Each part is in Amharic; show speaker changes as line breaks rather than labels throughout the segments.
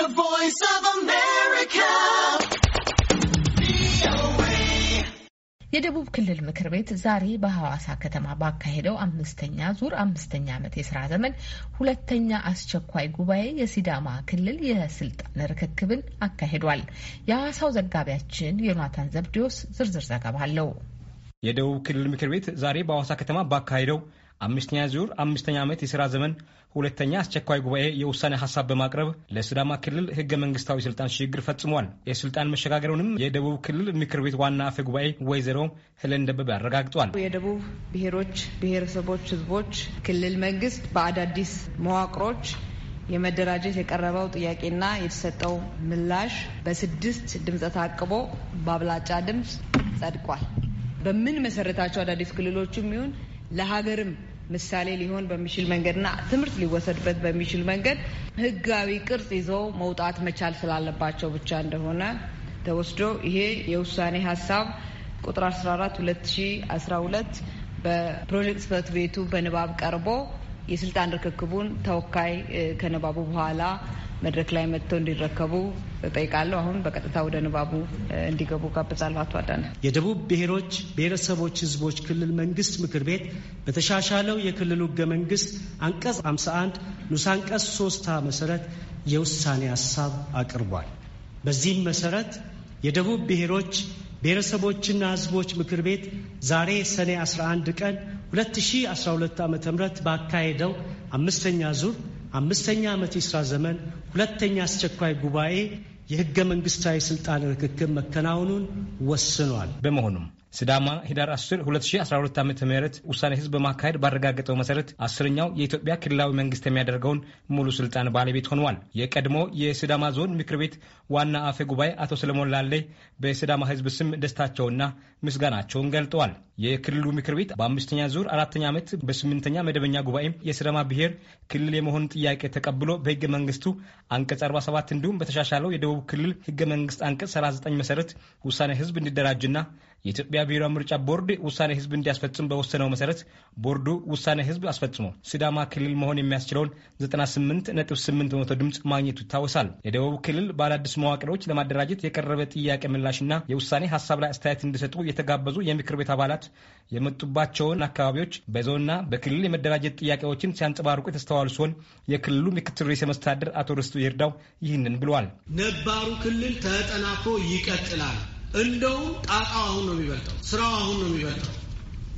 The Voice of America.
የደቡብ ክልል ምክር ቤት ዛሬ በሐዋሳ ከተማ ባካሄደው አምስተኛ ዙር አምስተኛ ዓመት የስራ ዘመን ሁለተኛ አስቸኳይ ጉባኤ የሲዳማ ክልል የስልጣን ርክክብን አካሂዷል። የሐዋሳው ዘጋቢያችን ዮናታን ዘብዲዎስ ዝርዝር ዘገባ አለው።
የደቡብ ክልል ምክር ቤት ዛሬ በሐዋሳ ከተማ ባካሄደው አምስተኛ ዙር አምስተኛ ዓመት የሥራ ዘመን ሁለተኛ አስቸኳይ ጉባኤ የውሳኔ ሐሳብ በማቅረብ ለስዳማ ክልል ሕገ መንግስታዊ ስልጣን ሽግግር ፈጽሟል። የስልጣን መሸጋገሩንም የደቡብ ክልል ምክር ቤት ዋና አፈ ጉባኤ ወይዘሮ ህለን ደበበ አረጋግጧል።
የደቡብ ብሔሮች ብሔረሰቦች ህዝቦች ክልል መንግስት በአዳዲስ መዋቅሮች የመደራጀት የቀረበው ጥያቄና የተሰጠው ምላሽ በስድስት ድምፀ ታቅቦ በአብላጫ ድምፅ ጸድቋል። በምን መሰረታቸው አዳዲስ ክልሎችም ይሁን ለሀገርም ምሳሌ ሊሆን በሚችል መንገድና ትምህርት ሊወሰድበት በሚችል መንገድ ህጋዊ ቅርጽ ይዞ መውጣት መቻል ስላለባቸው ብቻ እንደሆነ ተወስዶ ይሄ የውሳኔ ሀሳብ ቁጥር 14 2012 በፕሮጀክት ጽህፈት ቤቱ በንባብ ቀርቦ የስልጣን ርክክቡን ተወካይ ከንባቡ በኋላ መድረክ ላይ መጥቶ እንዲረከቡ ጠይቃለሁ። አሁን በቀጥታ ወደ ንባቡ እንዲገቡ ጋብዛለሁ። አቶ አዳነ
የደቡብ ብሔሮች ብሔረሰቦች ህዝቦች ክልል መንግስት ምክር ቤት በተሻሻለው የክልሉ ህገ መንግስት አንቀጽ 51 ንዑስ አንቀጽ 3 መሰረት የውሳኔ ሀሳብ አቅርቧል። በዚህም መሰረት የደቡብ ብሔሮች ብሔረሰቦችና ህዝቦች ምክር ቤት ዛሬ ሰኔ 11 ቀን 2012 ዓ ም ባካሄደው አምስተኛ ዙር አምስተኛ ዓመት የሥራ ዘመን ሁለተኛ
አስቸኳይ ጉባኤ የሕገ መንግሥታዊ ሥልጣን ርክክብ መከናወኑን ወስኗል። በመሆኑም ሲዳማ ህዳር 10 2012 ዓ ም ውሳኔ ህዝብ በማካሄድ ባረጋገጠው መሰረት አስረኛው የኢትዮጵያ ክልላዊ መንግስት የሚያደርገውን ሙሉ ስልጣን ባለቤት ሆኗል። የቀድሞ የሲዳማ ዞን ምክር ቤት ዋና አፈ ጉባኤ አቶ ሰለሞን ላሌ በሲዳማ ህዝብ ስም ደስታቸውና ምስጋናቸውን ገልጠዋል። የክልሉ ምክር ቤት በአምስተኛ ዙር አራተኛ ዓመት በስምንተኛ መደበኛ ጉባኤም የሲዳማ ብሔር ክልል የመሆኑን ጥያቄ ተቀብሎ በህገ መንግስቱ አንቀጽ 47 እንዲሁም በተሻሻለው የደቡብ ክልል ህገ መንግስት አንቀጽ 39 መሰረት ውሳኔ ህዝብ እንዲደራጅና የኢትዮጵያ ብሔራዊ ምርጫ ቦርድ ውሳኔ ህዝብ እንዲያስፈጽም በወሰነው መሰረት ቦርዱ ውሳኔ ህዝብ አስፈጽሞ ሲዳማ ክልል መሆን የሚያስችለውን 98.8 በመቶ ድምፅ ማግኘቱ ይታወሳል። የደቡብ ክልል ባለአዲስ መዋቅሮች ለማደራጀት የቀረበ ጥያቄ ምላሽና የውሳኔ ሀሳብ ላይ አስተያየት እንዲሰጡ የተጋበዙ የምክር ቤት አባላት የመጡባቸውን አካባቢዎች በዞንና በክልል የመደራጀት ጥያቄዎችን ሲያንጸባርቁ የተስተዋሉ ሲሆን የክልሉ ምክትል ርዕሰ መስተዳድር አቶ ርስቱ ይርዳው ይህንን ብለዋል።
ነባሩ ክልል ተጠናክሮ ይቀጥላል። እንደውም ጣጣው አሁን ነው የሚበልጠው፣ ስራው አሁን ነው የሚበልጠው።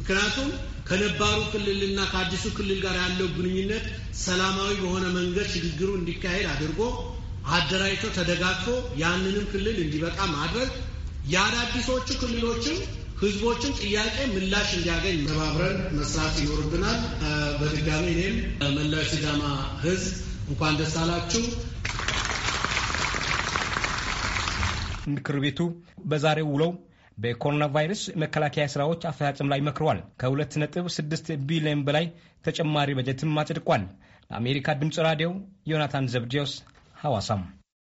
ምክንያቱም ከነባሩ ክልልና ከአዲሱ ክልል ጋር ያለው ግንኙነት ሰላማዊ በሆነ መንገድ ሽግግሩ እንዲካሄድ አድርጎ አደራጅቶ ተደጋግፎ ያንንም ክልል እንዲበቃ ማድረግ የአዳዲሶቹ ክልሎችም ህዝቦችን ጥያቄ ምላሽ እንዲያገኝ ተባብረን መስራት ይኖርብናል። በድጋሚ እኔም መላው ሲዳማ ህዝብ እንኳን ደስ አላችሁ።
ምክር ቤቱ በዛሬው ውለው በኮሮና ቫይረስ መከላከያ ስራዎች አፈጻጸም ላይ መክረዋል። ከ2.6 ቢሊዮን በላይ ተጨማሪ በጀትም አጽድቋል። ለአሜሪካ ድምፅ ራዲዮ ዮናታን ዘብዲዮስ ሐዋሳም